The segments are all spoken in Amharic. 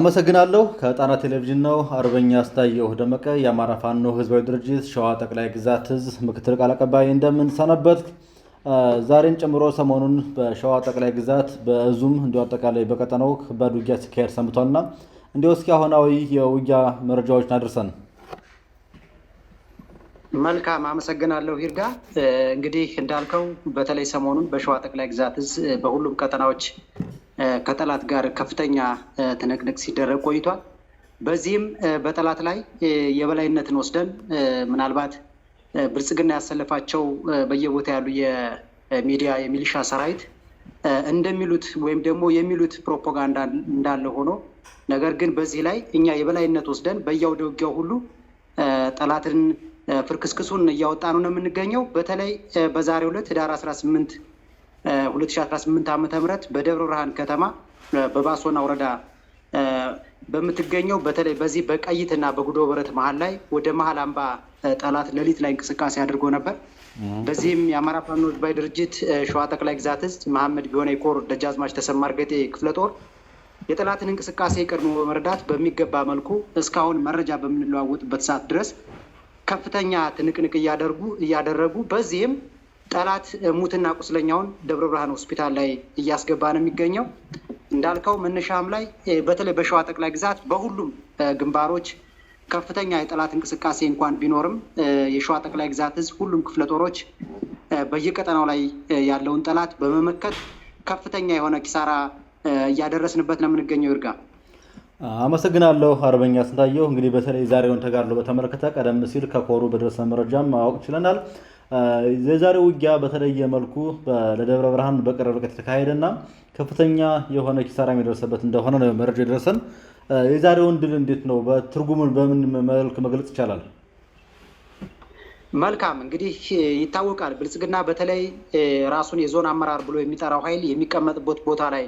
አመሰግናለሁ። ከጣና ቴሌቪዥን ነው። አርበኛ አስታየሁ ደመቀ የአማራ ፋኖ ህዝባዊ ድርጅት ሸዋ ጠቅላይ ግዛት እዝ ምክትል ቃል አቀባይ፣ እንደምንሰነበት ዛሬን ጨምሮ ሰሞኑን በሸዋ ጠቅላይ ግዛት በእዙም እንዲሁ አጠቃላይ በቀጠናው ከባድ ውጊያ ሲካሄድ ሰንብቷልና እንዲሁ እስኪ አሁናዊ የውጊያ መረጃዎችን አድርሰን። መልካም አመሰግናለሁ ሂርጋ። እንግዲህ እንዳልከው በተለይ ሰሞኑን በሸዋ ጠቅላይ ግዛት እዝ በሁሉም ቀጠናዎች ከጠላት ጋር ከፍተኛ ትንቅንቅ ሲደረግ ቆይቷል። በዚህም በጠላት ላይ የበላይነትን ወስደን ምናልባት ብልጽግና ያሰለፋቸው በየቦታ ያሉ የሚዲያ የሚሊሻ ሰራዊት እንደሚሉት ወይም ደግሞ የሚሉት ፕሮፓጋንዳ እንዳለ ሆኖ ነገር ግን በዚህ ላይ እኛ የበላይነት ወስደን በየአውደ ውጊያው ሁሉ ጠላትን ፍርክስክሱን እያወጣ ነው የምንገኘው። በተለይ በዛሬው ዕለት ህዳር 18 2018 ዓ ም በደብረ ብርሃን ከተማ በባሶና ወረዳ በምትገኘው በተለይ በዚህ በቀይትና በጉዶ በረት መሀል ላይ ወደ መሀል አምባ ጠላት ሌሊት ላይ እንቅስቃሴ አድርጎ ነበር። በዚህም የአማራ ፋኖ ህዝባዊ ድርጅት ሸዋ ጠቅላይ ግዛት እዝ መሐመድ ቢሆነ ኮር ደጃዝማች ተሰማ እርገጤ ክፍለ ጦር የጠላትን እንቅስቃሴ ቀድሞ በመረዳት በሚገባ መልኩ እስካሁን መረጃ በምንለዋወጥበት ሰዓት ድረስ ከፍተኛ ትንቅንቅ እያደረጉ በዚህም ጠላት ሙትና ቁስለኛውን ደብረ ብርሃን ሆስፒታል ላይ እያስገባ ነው የሚገኘው። እንዳልከው መነሻም ላይ በተለይ በሸዋ ጠቅላይ ግዛት በሁሉም ግንባሮች ከፍተኛ የጠላት እንቅስቃሴ እንኳን ቢኖርም የሸዋ ጠቅላይ ግዛት ህዝብ ሁሉም ክፍለ ጦሮች በየቀጠናው ላይ ያለውን ጠላት በመመከት ከፍተኛ የሆነ ኪሳራ እያደረስንበት ነው የምንገኘው። ይርጋ አመሰግናለሁ። አርበኛ ስንታየው እንግዲህ በተለይ ዛሬውን ተጋድሎ በተመለከተ ቀደም ሲል ከኮሩ በደረሰ መረጃም ማወቅ ችለናል። የዛሬ ውጊያ በተለየ መልኩ ለደብረ ብርሃን በቅርብ ርቀት የተካሄደና ከፍተኛ የሆነ ኪሳራ የሚደርሰበት እንደሆነ ነው መረጃ የደረሰን። የዛሬውን ድል እንዴት ነው በትርጉሙን በምን መልክ መግለጽ ይቻላል? መልካም እንግዲህ ይታወቃል። ብልጽግና በተለይ ራሱን የዞን አመራር ብሎ የሚጠራው ኃይል የሚቀመጥበት ቦታ ላይ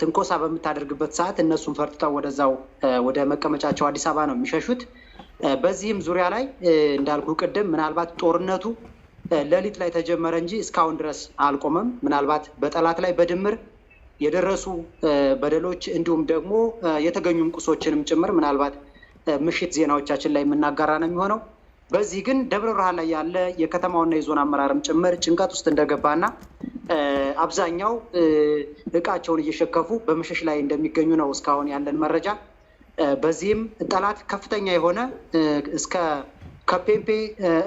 ትንኮሳ በምታደርግበት ሰዓት እነሱን ፈርጥተው ወደዛው ወደ መቀመጫቸው አዲስ አበባ ነው የሚሸሹት። በዚህም ዙሪያ ላይ እንዳልኩ ቅድም ምናልባት ጦርነቱ ሌሊት ላይ ተጀመረ እንጂ እስካሁን ድረስ አልቆመም። ምናልባት በጠላት ላይ በድምር የደረሱ በደሎች እንዲሁም ደግሞ የተገኙ ቁሶችንም ጭምር ምናልባት ምሽት ዜናዎቻችን ላይ የምናጋራ ነው የሚሆነው። በዚህ ግን ደብረ ብርሃን ላይ ያለ የከተማውና የዞን አመራርም ጭምር ጭንቀት ውስጥ እንደገባና አብዛኛው እቃቸውን እየሸከፉ በምሽሽ ላይ እንደሚገኙ ነው እስካሁን ያለን መረጃ። በዚህም ጠላት ከፍተኛ የሆነ እስከ ከፔምፔ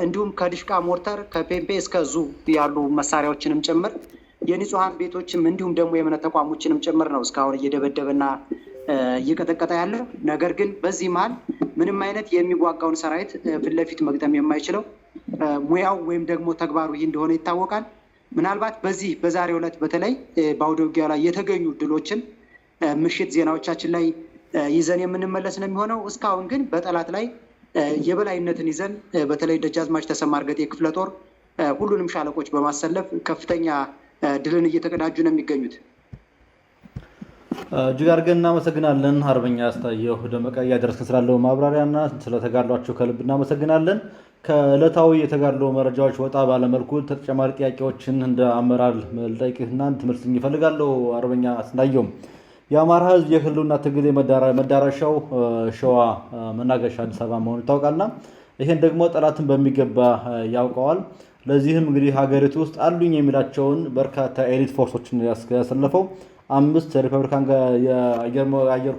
እንዲሁም ከድሽቃ ሞርተር ከፔምፔ እስከ ዙ ያሉ መሳሪያዎችንም ጭምር የንጹሐን ቤቶችም እንዲሁም ደግሞ የእምነት ተቋሞችንም ጭምር ነው እስካሁን እየደበደበና እየቀጠቀጠ ያለ። ነገር ግን በዚህ መሀል ምንም አይነት የሚዋጋውን ሰራዊት ፊትለፊት መግጠም የማይችለው ሙያው ወይም ደግሞ ተግባሩ ይህ እንደሆነ ይታወቃል። ምናልባት በዚህ በዛሬው ዕለት በተለይ በአውደ ውጊያ ላይ የተገኙ ድሎችን ምሽት ዜናዎቻችን ላይ ይዘን የምንመለስ ነው የሚሆነው። እስካሁን ግን በጠላት ላይ የበላይነትን ይዘን በተለይ ደጃዝማች ተሰማ እርገጤ ክፍለ ጦር ሁሉንም ሻለቆች በማሰለፍ ከፍተኛ ድልን እየተቀዳጁ ነው የሚገኙት። እጅግ አድርገን እናመሰግናለን አርበኛ አስታየሁ ደመቀ እያደረስን ስላለው ማብራሪያና ስለተጋድሏችሁ ከልብ እናመሰግናለን። ከእለታዊ የተጋድሎ መረጃዎች ወጣ ባለመልኩ ተጨማሪ ጥያቄዎችን እንደ አመራር ልጠይቅና ትምህርት እፈልጋለሁ። አርበኛ አስታየሁም የአማራ ህዝብ የህልውና ትግል መዳረሻው ሸዋ መናገሻ አዲስ አበባ መሆኑ ይታወቃልና ይህን ደግሞ ጠላትን በሚገባ ያውቀዋል። ለዚህም እንግዲህ ሀገሪቱ ውስጥ አሉኝ የሚላቸውን በርካታ ኤሊት ፎርሶችን ያሰለፈው አምስት ሪፐብሊካን የአየር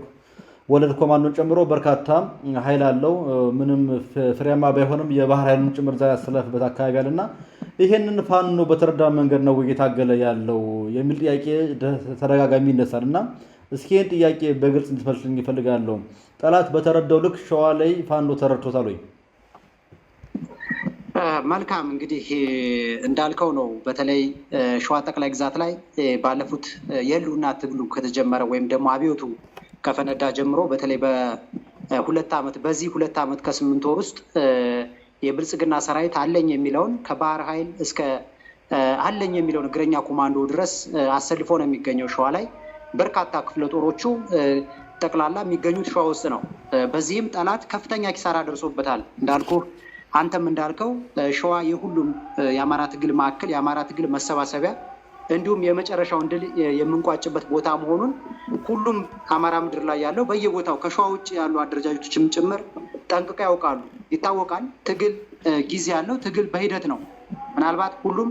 ወለድ ኮማንዶን ጨምሮ በርካታ ኃይል አለው። ምንም ፍሬያማ ባይሆንም የባህር ኃይሉን ጭምር እዛ ያሰለፍበት አካባቢ አለና ይህንን ፋኖ በተረዳ መንገድ ነው እየታገለ ያለው የሚል ጥያቄ ተደጋጋሚ ይነሳል እና እስኪ ይህን ጥያቄ በግልጽ እንድትመልስልኝ ይፈልጋለሁ። ጠላት በተረዳው ልክ ሸዋ ላይ ፋኖ ተረድቶታል ወይ? መልካም እንግዲህ እንዳልከው ነው። በተለይ ሸዋ ጠቅላይ ግዛት ላይ ባለፉት የህልውና ትግሉ ከተጀመረ ወይም ደግሞ አብዮቱ ከፈነዳ ጀምሮ በተለይ በሁለት ዓመት በዚህ ሁለት ዓመት ከስምንት ወር ውስጥ የብልጽግና ሰራዊት አለኝ የሚለውን ከባህር ኃይል እስከ አለኝ የሚለውን እግረኛ ኮማንዶ ድረስ አሰልፎ ነው የሚገኘው ሸዋ ላይ በርካታ ክፍለ ጦሮቹ ጠቅላላ የሚገኙት ሸዋ ውስጥ ነው። በዚህም ጠላት ከፍተኛ ኪሳራ ደርሶበታል። እንዳልኩ አንተም እንዳልከው ሸዋ የሁሉም የአማራ ትግል ማዕከል፣ የአማራ ትግል መሰባሰቢያ እንዲሁም የመጨረሻውን ድል የምንቋጭበት ቦታ መሆኑን ሁሉም አማራ ምድር ላይ ያለው በየቦታው ከሸዋ ውጭ ያሉ አደረጃጆችም ጭምር ጠንቅቀው ያውቃሉ። ይታወቃል። ትግል ጊዜ ያለው ትግል በሂደት ነው። ምናልባት ሁሉም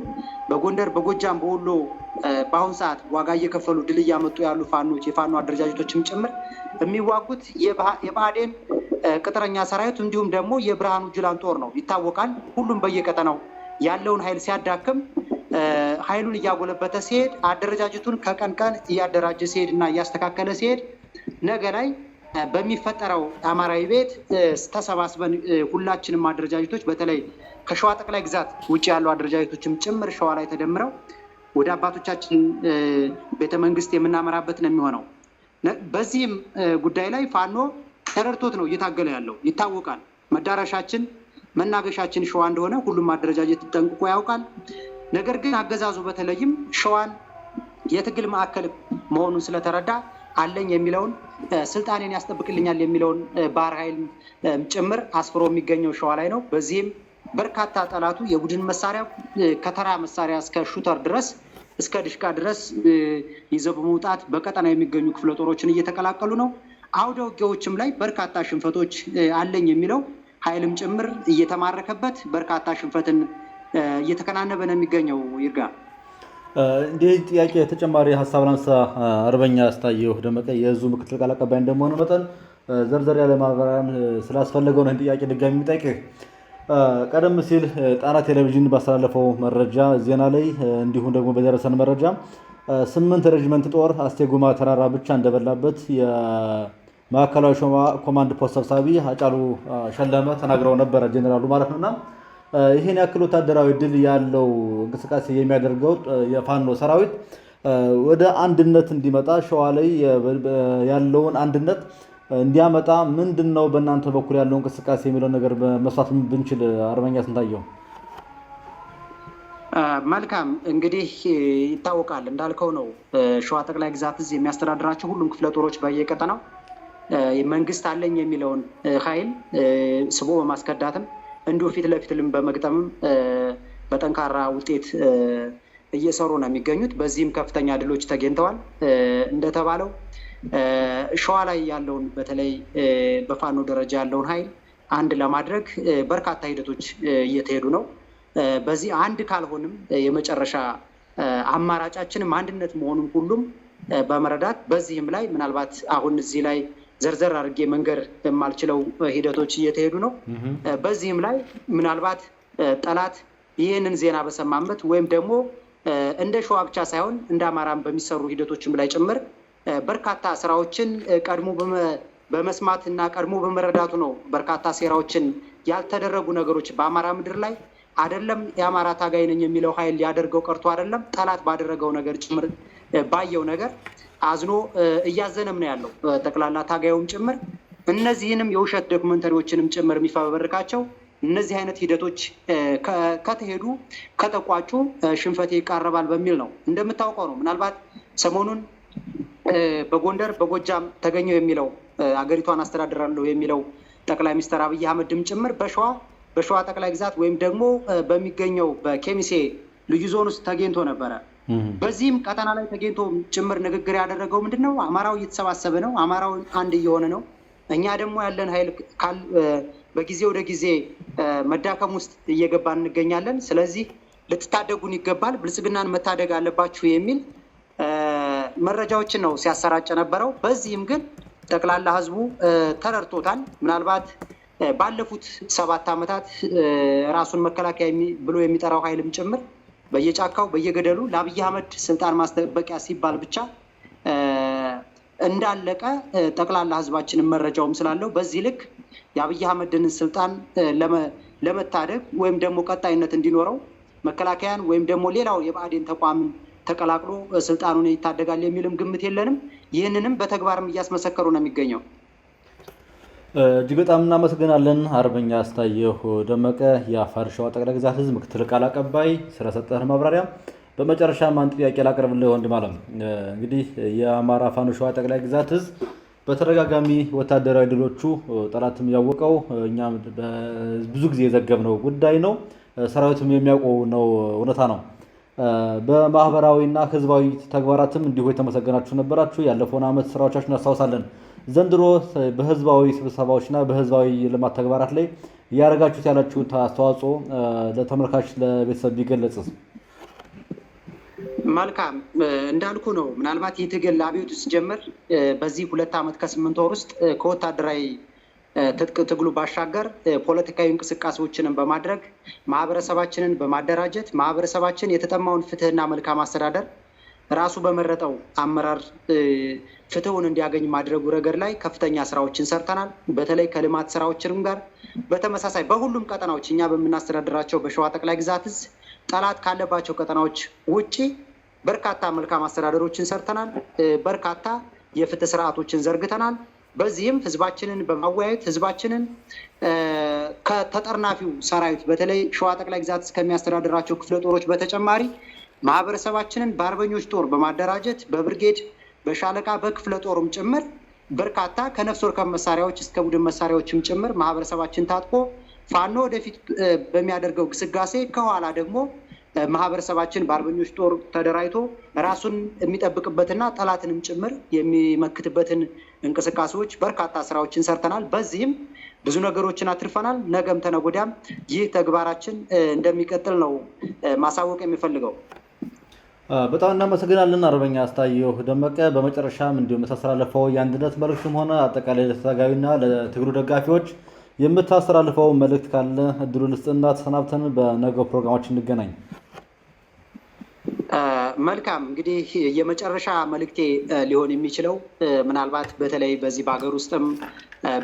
በጎንደር፣ በጎጃም፣ በወሎ በአሁን ሰዓት ዋጋ እየከፈሉ ድል እያመጡ ያሉ ፋኖች የፋኖ አደረጃጀቶችም ጭምር የሚዋጉት የባህዴን ቅጥረኛ ሰራዊት እንዲሁም ደግሞ የብርሃኑ ጁላን ጦር ነው ይታወቃል። ሁሉም በየቀጠናው ያለውን ኃይል ሲያዳክም ኃይሉን እያጎለበተ ሲሄድ አደረጃጀቱን ከቀን ቀን እያደራጀ ሲሄድ እና እያስተካከለ ሲሄድ ነገ ላይ በሚፈጠረው አማራዊ ቤት ተሰባስበን ሁላችንም አደረጃጀቶች በተለይ ከሸዋ ጠቅላይ ግዛት ውጭ ያሉ አደረጃጀቶችም ጭምር ሸዋ ላይ ተደምረው ወደ አባቶቻችን ቤተመንግስት የምናመራበት ነው የሚሆነው። በዚህም ጉዳይ ላይ ፋኖ ተረድቶት ነው እየታገለ ያለው ይታወቃል። መዳረሻችን መናገሻችን ሸዋ እንደሆነ ሁሉም አደረጃጀት ጠንቅቆ ያውቃል። ነገር ግን አገዛዙ በተለይም ሸዋን የትግል ማዕከል መሆኑን ስለተረዳ አለኝ የሚለውን ስልጣኔን ያስጠብቅልኛል የሚለውን ባህር ኃይል ጭምር አስፍሮ የሚገኘው ሸዋ ላይ ነው። በዚህም በርካታ ጠላቱ የቡድን መሳሪያ ከተራ መሳሪያ እስከ ሹተር ድረስ እስከ ድሽቃ ድረስ ይዘው በመውጣት በቀጠና የሚገኙ ክፍለ ጦሮችን እየተቀላቀሉ ነው። አውደ ውጊያዎችም ላይ በርካታ ሽንፈቶች አለኝ የሚለው ኃይልም ጭምር እየተማረከበት በርካታ ሽንፈትን እየተከናነበ ነው የሚገኘው። ይርጋ እንዲህ ጥያቄ ተጨማሪ ሀሳብ ላንሳ። አርበኛ አስታየሁ ደመቀ የዙ ምክትል ቃል አቀባይ እንደመሆኑ መጠን ዘርዘር ያለ ማብራሪያም ስላስፈለገው ነው ጥያቄ ድጋሚ የሚጠይቅህ ቀደም ሲል ጣና ቴሌቪዥን ባስተላለፈው መረጃ ዜና ላይ እንዲሁም ደግሞ በደረሰን መረጃ ስምንት ሬጅመንት ጦር አስቴጎማ ተራራ ብቻ እንደበላበት የማዕከላዊ ሸዋ ኮማንድ ፖስት ሰብሳቢ አጫሉ ሸለመ ተናግረው ነበረ፣ ጀኔራሉ ማለት ነውና ይህን ያክል ወታደራዊ ድል ያለው እንቅስቃሴ የሚያደርገው የፋኖ ሰራዊት ወደ አንድነት እንዲመጣ ሸዋ ላይ ያለውን አንድነት እንዲያመጣ ምንድን ነው በእናንተ በኩል ያለው እንቅስቃሴ የሚለው ነገር መስራት ብንችል። አርበኛ ስንታየው መልካም እንግዲህ ይታወቃል እንዳልከው ነው። ሸዋ ጠቅላይ ግዛት እዝ የሚያስተዳድራቸው ሁሉም ክፍለ ጦሮች በየቀጠናው መንግስት አለኝ የሚለውን ኃይል ስቦ በማስከዳትም እንዲሁ ፊት ለፊትልም በመግጠምም በጠንካራ ውጤት እየሰሩ ነው የሚገኙት። በዚህም ከፍተኛ ድሎች ተገኝተዋል እንደተባለው ሸዋ ላይ ያለውን በተለይ በፋኖ ደረጃ ያለውን ኃይል አንድ ለማድረግ በርካታ ሂደቶች እየተሄዱ ነው። በዚህ አንድ ካልሆንም የመጨረሻ አማራጫችንም አንድነት መሆኑን ሁሉም በመረዳት በዚህም ላይ ምናልባት አሁን እዚህ ላይ ዘርዘር አድርጌ መንገር የማልችለው ሂደቶች እየተሄዱ ነው። በዚህም ላይ ምናልባት ጠላት ይህንን ዜና በሰማበት ወይም ደግሞ እንደ ሸዋ ብቻ ሳይሆን እንደ አማራም በሚሰሩ ሂደቶችም ላይ ጭምር በርካታ ስራዎችን ቀድሞ በመስማት እና ቀድሞ በመረዳቱ ነው በርካታ ሴራዎችን ያልተደረጉ ነገሮች በአማራ ምድር ላይ አይደለም የአማራ ታጋይ ነኝ የሚለው ኃይል ያደርገው ቀርቶ አይደለም ጠላት ባደረገው ነገር ጭምር ባየው ነገር አዝኖ እያዘነም ነው ያለው ጠቅላላ ታጋዩም ጭምር እነዚህንም የውሸት ዶክመንተሪዎችንም ጭምር የሚፈበርካቸው እነዚህ አይነት ሂደቶች ከተሄዱ ከተቋጩ ሽንፈቴ ይቃረባል በሚል ነው። እንደምታውቀው ነው ምናልባት ሰሞኑን በጎንደር በጎጃም ተገኘው የሚለው አገሪቷን አስተዳድራለሁ የሚለው ጠቅላይ ሚኒስትር አብይ አህመድም ጭምር በሸዋ በሸዋ ጠቅላይ ግዛት ወይም ደግሞ በሚገኘው በኬሚሴ ልዩ ዞን ውስጥ ተገኝቶ ነበረ። በዚህም ቀጠና ላይ ተገኝቶ ጭምር ንግግር ያደረገው ምንድን ነው? አማራው እየተሰባሰበ ነው። አማራው አንድ እየሆነ ነው። እኛ ደግሞ ያለን ኃይል በጊዜ ወደ ጊዜ መዳከም ውስጥ እየገባ እንገኛለን። ስለዚህ ልትታደጉን ይገባል። ብልጽግናን መታደግ አለባችሁ የሚል መረጃዎችን ነው ሲያሰራጭ ነበረው። በዚህም ግን ጠቅላላ ህዝቡ ተረድቶታል። ምናልባት ባለፉት ሰባት ዓመታት ራሱን መከላከያ ብሎ የሚጠራው ኃይልም ጭምር በየጫካው በየገደሉ ለአብይ አህመድ ስልጣን ማስጠበቂያ ሲባል ብቻ እንዳለቀ ጠቅላላ ህዝባችንን መረጃውም ስላለው በዚህ ልክ የአብይ አህመድን ስልጣን ለመታደግ ወይም ደግሞ ቀጣይነት እንዲኖረው መከላከያን ወይም ደግሞ ሌላው የብአዴን ተቋምን ተቀላቅሎ ስልጣኑን ይታደጋል የሚልም ግምት የለንም። ይህንንም በተግባርም እያስመሰከሩ ነው የሚገኘው። እጅግ በጣም እናመሰግናለን አርበኛ አስታየሁ ደመቀ የአፋር ሸዋ ጠቅላይ ግዛት ህዝብ ምክትል ቃል አቀባይ ስለሰጠህን ማብራሪያ። በመጨረሻ አንድ ጥያቄ ላቀርብልህ ወንድም አለም። እንግዲህ የአማራ ፋኖ ሸዋ ጠቅላይ ግዛት ህዝብ በተደጋጋሚ ወታደራዊ ድሎቹ ጠላትም ያወቀው እኛም ብዙ ጊዜ የዘገብነው ጉዳይ ነው፣ ሰራዊትም የሚያውቀው ነው፣ እውነታ ነው። በማህበራዊና ህዝባዊ ተግባራትም እንዲሁ የተመሰገናችሁ ነበራችሁ። ያለፈውን ዓመት ስራዎቻችሁ እናስታውሳለን። ዘንድሮ በህዝባዊ ስብሰባዎችና በህዝባዊ ልማት ተግባራት ላይ እያደረጋችሁት ያላችሁን አስተዋጽኦ ለተመልካች ለቤተሰብ ቢገለጽ። መልካም እንዳልኩ ነው። ምናልባት ይህ ትግል አብዮቱ ሲጀምር በዚህ ሁለት ዓመት ከስምንት ወር ውስጥ ከወታደራዊ ትጥቅ ትግሉ ባሻገር ፖለቲካዊ እንቅስቃሴዎችንን በማድረግ ማህበረሰባችንን በማደራጀት ማህበረሰባችን የተጠማውን ፍትህና መልካም አስተዳደር ራሱ በመረጠው አመራር ፍትሁን እንዲያገኝ ማድረጉ ረገድ ላይ ከፍተኛ ስራዎችን ሰርተናል። በተለይ ከልማት ስራዎችንም ጋር በተመሳሳይ በሁሉም ቀጠናዎች እኛ በምናስተዳድራቸው በሸዋ ጠቅላይ ግዛት እዝ ጠላት ካለባቸው ቀጠናዎች ውጪ በርካታ መልካም አስተዳደሮችን ሰርተናል። በርካታ የፍትህ ስርዓቶችን ዘርግተናል። በዚህም ህዝባችንን በማወያየት ህዝባችንን ከተጠርናፊው ሰራዊት በተለይ ሸዋ ጠቅላይ ግዛት እስከሚያስተዳድራቸው ክፍለ ጦሮች በተጨማሪ ማህበረሰባችንን በአርበኞች ጦር በማደራጀት በብርጌድ፣ በሻለቃ፣ በክፍለ ጦርም ጭምር በርካታ ከነፍስ ወርከብ መሳሪያዎች እስከ ቡድን መሳሪያዎችም ጭምር ማህበረሰባችን ታጥቆ ፋኖ ወደፊት በሚያደርገው ግስጋሴ ከኋላ ደግሞ ማህበረሰባችን በአርበኞች ጦር ተደራጅቶ ራሱን የሚጠብቅበትና ጠላትንም ጭምር የሚመክትበትን እንቅስቃሴዎች በርካታ ስራዎችን ሰርተናል። በዚህም ብዙ ነገሮችን አትርፈናል። ነገም ተነጎዳም ይህ ተግባራችን እንደሚቀጥል ነው ማሳወቅ የሚፈልገው። በጣም እናመሰግናለን አርበኛ አስታየሁ ደመቀ። በመጨረሻም እንዲሁም የምታስተላልፈው የአንድነት መልእክትም ሆነ አጠቃላይ ለተጋቢና ለትግሉ ደጋፊዎች የምታስተላልፈው መልእክት ካለ እድሉ ልስጥና ተሰናብተን በነገው ፕሮግራማችን እንገናኝ። መልካም እንግዲህ የመጨረሻ መልእክቴ ሊሆን የሚችለው ምናልባት በተለይ በዚህ በሀገር ውስጥም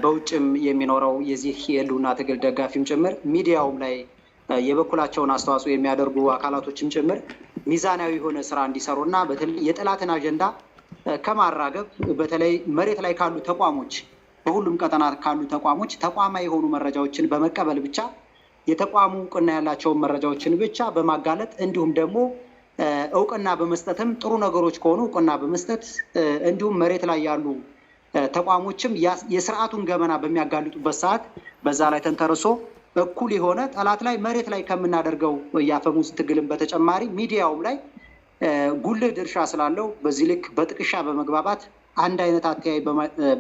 በውጭም የሚኖረው የዚህ የህልውና ትግል ደጋፊም ጭምር ሚዲያውም ላይ የበኩላቸውን አስተዋጽኦ የሚያደርጉ አካላቶችም ጭምር ሚዛናዊ የሆነ ስራ እንዲሰሩ እና የጠላትን አጀንዳ ከማራገብ በተለይ መሬት ላይ ካሉ ተቋሞች በሁሉም ቀጠና ካሉ ተቋሞች ተቋማ የሆኑ መረጃዎችን በመቀበል ብቻ የተቋሙ እውቅና ያላቸውን መረጃዎችን ብቻ በማጋለጥ እንዲሁም ደግሞ እውቅና በመስጠትም ጥሩ ነገሮች ከሆኑ እውቅና በመስጠት እንዲሁም መሬት ላይ ያሉ ተቋሞችም የስርዓቱን ገበና በሚያጋልጡበት ሰዓት በዛ ላይ ተንተርሶ እኩል የሆነ ጠላት ላይ መሬት ላይ ከምናደርገው የአፈሙዝ ትግልም በተጨማሪ ሚዲያውም ላይ ጉልህ ድርሻ ስላለው በዚህ ልክ በጥቅሻ በመግባባት አንድ አይነት አተያይ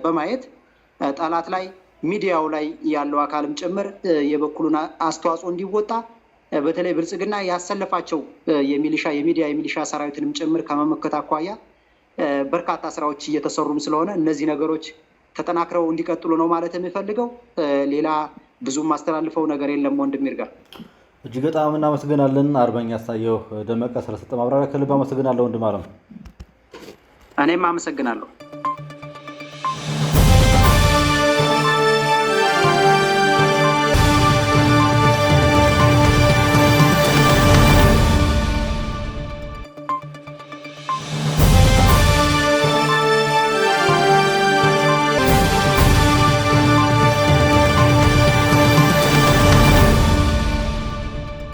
በማየት ጠላት ላይ ሚዲያው ላይ ያለው አካልም ጭምር የበኩሉን አስተዋጽኦ እንዲወጣ በተለይ ብልጽግና ያሰለፋቸው የሚሊሻ የሚዲያ የሚሊሻ ሰራዊትንም ጭምር ከመመከት አኳያ በርካታ ስራዎች እየተሰሩም ስለሆነ እነዚህ ነገሮች ተጠናክረው እንዲቀጥሉ ነው ማለት የሚፈልገው። ሌላ ብዙም ማስተላልፈው ነገር የለም። ወንድም ይርጋ እጅግ በጣም እናመሰግናለን። አርበኛ አሳየው ደመቀ ስለሰጠ ማብራሪያ ከልብ አመሰግናለሁ። ወንድም አለም እኔም አመሰግናለሁ።